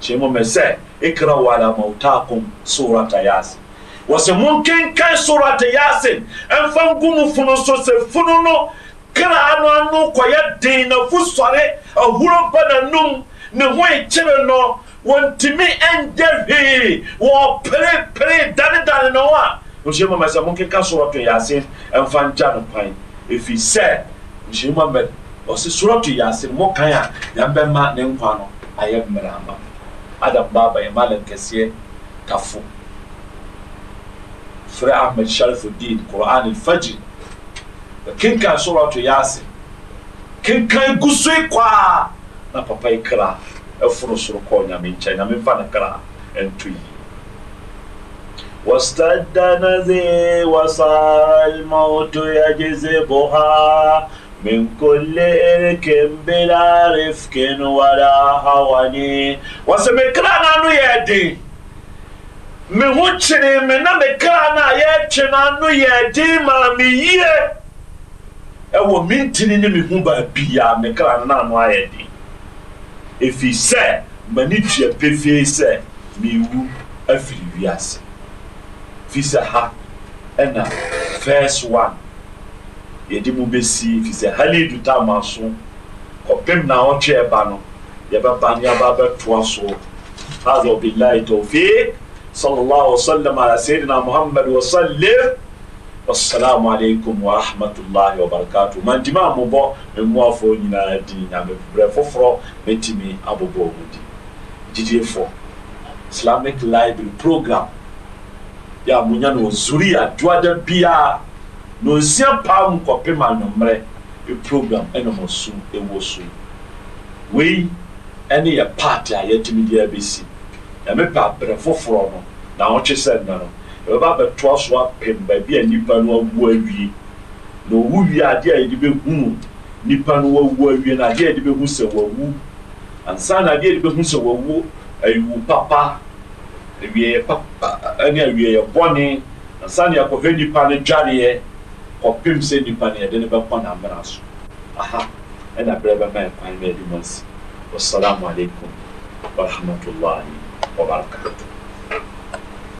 hyɛ mmɔmɛ sɛ ikra wala mautakum surata yɛ ase wɔsɛ monkenkan sorate yasin ɛmfa ngu mu funu so sɛ funu no kra no ano kɔyɛ den nafu sɔre ahuro ba n'anum ne ho ekyere no wɔntumi ɛnyɛ hwee wɔperepere danedane ne ho a nhyiamu ama sɛ monkenka sorate yasin ɛmfa nkya no kwan ɛfiri sɛ nhyiamu ama ɔsɛ sorate yasin mokan a yɛmbɛma ne nkwa no ayɛ mmerɛ ama adam Baba yɛ malam kɛseɛ kafo Sura Ahmed Sharifuddin Quran al-Fajr da kinkan suratu Yasin kinkan gusui kwa na papai kra afuru suru ko nyame nkyɛn nyame fa ne kra ɛnto yi واشتد نزي وصار من كل إرك بلا رفق ولا هوان وسمكرنا يا دين me ho kyeree me na me kaa no a yɛtwe no ano yɛ den maa me yie ɛwɔ me ntini ne me ho baabiaa me kra no na ano ayɛ den ɛfiri sɛ m'ani tua pefee sɛ mewu afiri wiase firi sɛ ha ɛna first one yɛde mu bɛsi firi sɛ haledu tama so kɔpem na ɔtwe ɛba no yɛbɛba ne yɛba bɛtoa so hadha billahi tawfiq sallallahu wasallam ala sayyidina muhammad wasallim wasalaamu alaykum wa rahmatulahi wa barakatu mandima mo bɔ mmoafo nyinaa di nyame brɛ foforɔ mɛtumi abobɔ ɔmo di gyidiefoɔ islamic library program yɛ a monya no ɔzuri adoada biaa na ɔnsia paa mu kɔpem anwommerɛ program ɛna mo so ɛwɔ so wei ɛne yɛ paate a yɛtumi de abɛsi ɛme papere foforɔ no na ɔtwe sɛ nna no ɛbɛba abɛtoa so apem baabi a nipa no awu awie na owu wie adeɛ a yɛde bɛhunu nipa no wawu awie na adeɛ a yɛde bɛhu sɛ wawu ansa na adeɛ a yɛde bɛhu sɛ wawu ayiwu papa awieɛ papa ɛne awieɛ bɔne ansa na yɛakɔhwɛ nipa no dwareɛ kɔpem sɛ nipa no yɛde no bɛkɔ n'amena so aha ɛna berɛ bɛma yɛ kwan ma yɛde mu asi wassalamu alaikum warahmatullahi 好了。